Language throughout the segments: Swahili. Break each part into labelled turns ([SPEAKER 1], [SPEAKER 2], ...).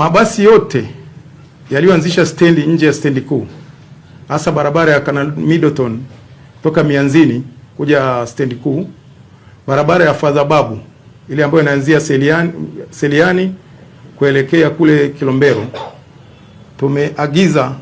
[SPEAKER 1] Mabasi yote yaliyoanzisha stendi nje ya stendi kuu hasa barabara ya Canal Middleton toka Mianzini kuja stendi kuu, barabara ya Fadhababu ile ambayo inaanzia Seliani, Seliani kuelekea kule Kilombero tumeagiza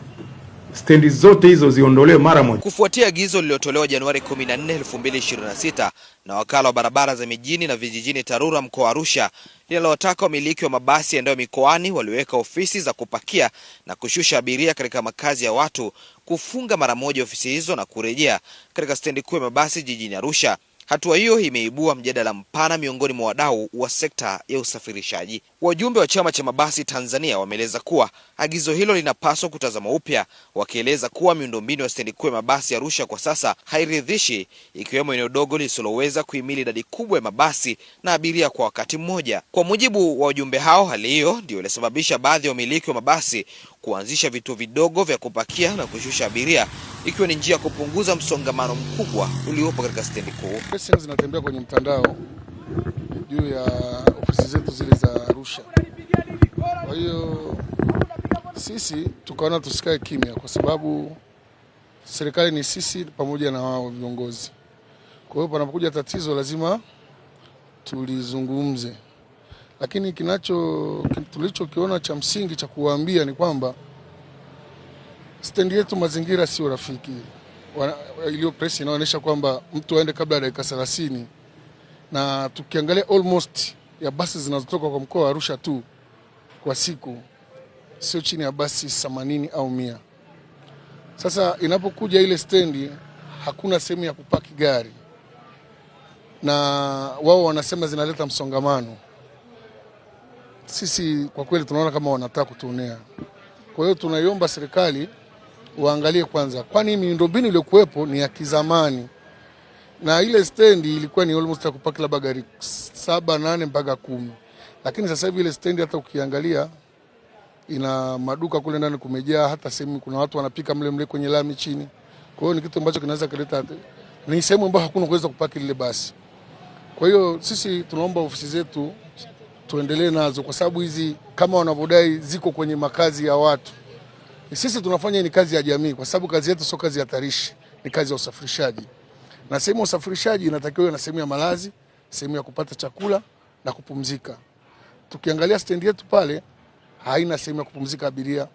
[SPEAKER 1] stendi zote hizo ziondolewe mara moja,
[SPEAKER 2] kufuatia agizo lililotolewa Januari 14, 2026 na wakala wa barabara za mijini na vijijini TARURA mkoa wa Arusha linalowataka wamiliki wa mabasi yaendayo mikoani walioweka ofisi za kupakia na kushusha abiria katika makazi ya watu kufunga mara moja ofisi hizo na kurejea katika stendi kuu ya mabasi jijini Arusha. Hatua hiyo imeibua mjadala mpana miongoni mwa wadau wa sekta ya usafirishaji. Wajumbe wa chama cha mabasi Tanzania wameeleza kuwa agizo hilo linapaswa kutazama upya, wakieleza kuwa miundombinu ya stendi kuu ya mabasi Arusha kwa sasa hairidhishi, ikiwemo eneo dogo lisiloweza kuhimili idadi kubwa ya mabasi na abiria kwa wakati mmoja. Kwa mujibu wa wajumbe hao, hali hiyo ndio ilisababisha baadhi ya wamiliki wa mabasi kuanzisha vituo vidogo vya kupakia na kushusha abiria ikiwa ni njia ya kupunguza msongamano mkubwa uliopo katika stendi kuu.
[SPEAKER 1] Zinatembea kwenye mtandao juu ya ofisi zetu zile za Arusha. Kwa hiyo sisi tukaona tusikae kimya, kwa sababu serikali ni sisi pamoja na wao viongozi. Kwa hiyo panapokuja tatizo lazima tulizungumze lakini kinacho tulichokiona cha msingi cha kuwaambia ni kwamba stendi yetu mazingira sio rafiki, iliyo press inaonyesha kwamba mtu aende kabla ya dakika 30, na tukiangalia almost ya basi zinazotoka kwa mkoa wa Arusha tu kwa siku sio chini ya basi 80 au mia. Sasa inapokuja ile stendi hakuna sehemu ya kupaki gari, na wao wanasema zinaleta msongamano sisi kwa kweli tunaona kama wanataka kutuonea. Kwa hiyo tunaiomba serikali waangalie kwanza, kwani miundombinu iliyokuwepo ni ya kizamani na ile stendi ilikuwa ni almost ya kupaki labda gari saba nane mpaka kumi, lakini sasa hivi ile stendi hata ukiangalia ina maduka kule ndani kumejaa, hata sehemu kuna watu wanapika mle mle kwenye lami chini. Kwa hiyo ni kitu ambacho kinaweza kuleta, ni sehemu ambayo hakuna kuweza kupaki lile basi. Kwa hiyo sisi tunaomba ofisi zetu tuendelee nazo, kwa sababu hizi kama wanavyodai ziko kwenye makazi ya watu. Sisi tunafanya ni kazi ya jamii, kwa sababu kazi yetu sio kazi ya tarishi, ni kazi ya usafirishaji, na sehemu ya usafirishaji inatakiwa iwe na sehemu ya malazi, sehemu ya kupata chakula na kupumzika. Tukiangalia stendi yetu pale haina sehemu ya kupumzika abiria.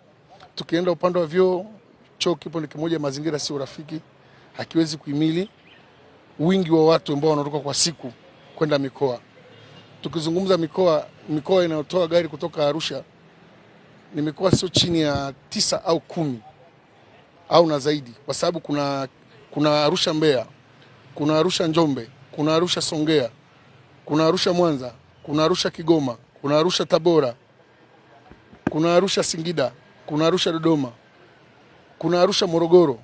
[SPEAKER 1] Tukienda upande wa vyoo, choo kipo ni kimoja, mazingira sio rafiki, hakiwezi kuhimili wingi wa watu ambao wanatoka kwa siku kwenda mikoa tukizungumza mikoa mikoa inayotoa gari kutoka Arusha ni mikoa sio chini ya tisa au kumi au na zaidi, kwa sababu kuna, kuna Arusha Mbeya, kuna Arusha Njombe, kuna Arusha Songea, kuna Arusha Mwanza, kuna Arusha Kigoma, kuna Arusha Tabora, kuna Arusha Singida, kuna Arusha Dodoma, kuna Arusha Morogoro,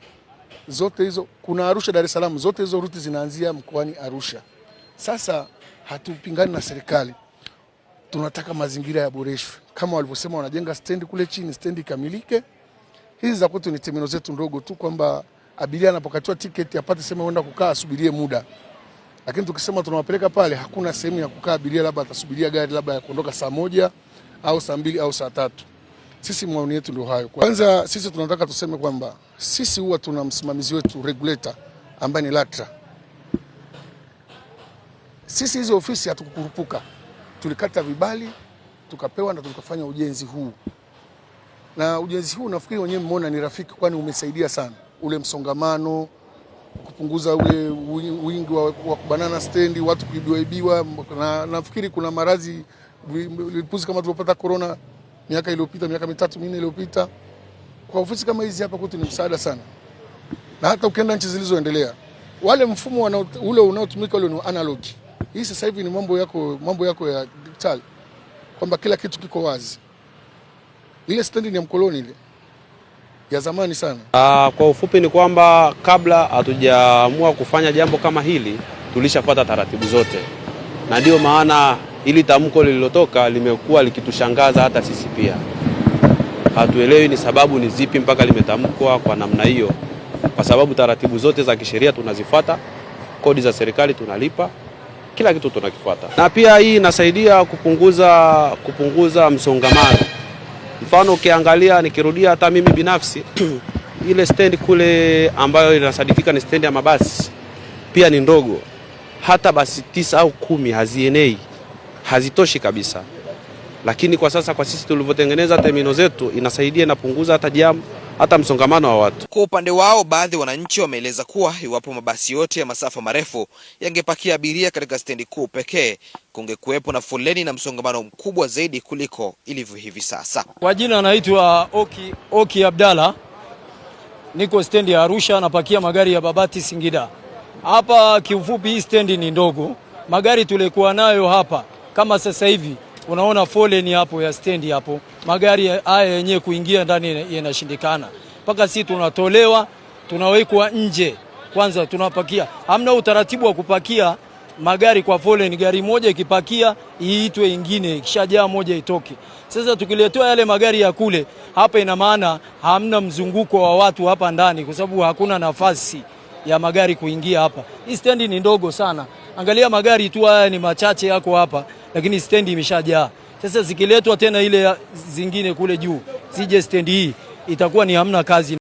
[SPEAKER 1] zote hizo, kuna Arusha Dar es Salaam, zote hizo ruti zinaanzia mkoani Arusha. Sasa hatupingani na serikali, tunataka mazingira yaboreshwe kama walivyosema, wanajenga stendi kule chini, stendi ikamilike. Hizi za kwetu ni terminal zetu ndogo tu, kwamba abiria anapokatiwa tiketi apate sema aenda kukaa asubirie muda, lakini tukisema tunawapeleka pale, hakuna sehemu ya kukaa abiria, labda atasubiria gari labda ya kuondoka saa moja au saa mbili au saa tatu. Sisi maoni yetu ndio hayo. Kwanza sisi tunataka tuseme kwamba sisi huwa tuna msimamizi wetu regulator ambaye ni LATRA sisi hizi ofisi hatukukurupuka, tulikata vibali tukapewa na tukafanya ujenzi huu, na ujenzi huu nafikiri wenyewe mmeona ni rafiki, kwani umesaidia sana ule msongamano kupunguza ule wingi wa, wa kubanana stendi, watu kuibiwaibiwa, na nafikiri kuna maradhi lipuzi kama tuliopata corona miaka iliyopita, miaka mitatu minne iliyopita. Kwa ofisi kama hizi hapa kwetu ni msaada sana, na hata ukienda nchi zilizoendelea wale mfumo wana, ule unaotumika ule ni analogi. Hii sasa hivi ni mambo yako, mambo yako ya digital kwamba kila kitu kiko wazi. Ile standi ni ya mkoloni ile ya zamani sana.
[SPEAKER 3] Aa, ah, kwa ufupi ni kwamba kabla hatujaamua kufanya jambo kama hili tulishafuata taratibu zote, na ndio maana hili tamko lililotoka limekuwa likitushangaza hata sisi pia, hatuelewi ni sababu ni zipi mpaka limetamkwa kwa namna hiyo, kwa sababu taratibu zote za kisheria tunazifuata, kodi za serikali tunalipa kila kitu tunakifuata, na pia hii inasaidia kupunguza, kupunguza msongamano. Mfano ukiangalia, nikirudia hata mimi binafsi ile stendi kule ambayo inasadikika ni stendi ya mabasi pia ni ndogo, hata basi tisa au kumi hazienei, hazitoshi kabisa. Lakini kwa sasa kwa sisi tulivyotengeneza terminal zetu inasaidia, inapunguza hata jamu hata msongamano wa watu.
[SPEAKER 2] Kwa upande wao, baadhi ya wananchi wameeleza kuwa iwapo mabasi yote ya masafa marefu yangepakia abiria katika stendi kuu pekee, kungekuwepo na foleni na msongamano mkubwa zaidi kuliko ilivyo hivi sasa.
[SPEAKER 4] Kwa jina anaitwa Oki, Oki Abdalla, niko stendi ya Arusha, napakia magari ya Babati Singida. Hapa kiufupi, hii stendi ni ndogo, magari tulikuwa nayo hapa kama sasa hivi unaona foleni hapo ya stendi hapo, magari haya yenyewe kuingia ndani yanashindikana, mpaka sisi tunatolewa tunawekwa nje kwanza, tunapakia. Hamna utaratibu wa kupakia magari kwa foleni, gari moja ikipakia iitwe ingine, ikishajaa moja itoke. Sasa tukiletewa yale magari ya kule hapa, ina maana hamna mzunguko wa watu hapa ndani, kwa sababu hakuna nafasi ya magari kuingia hapa. Hii stendi ni ndogo sana, angalia magari tu haya ni machache yako hapa lakini stendi imeshajaa. Sasa zikiletwa tena ile zingine kule juu zije stendi hii itakuwa ni hamna kazi.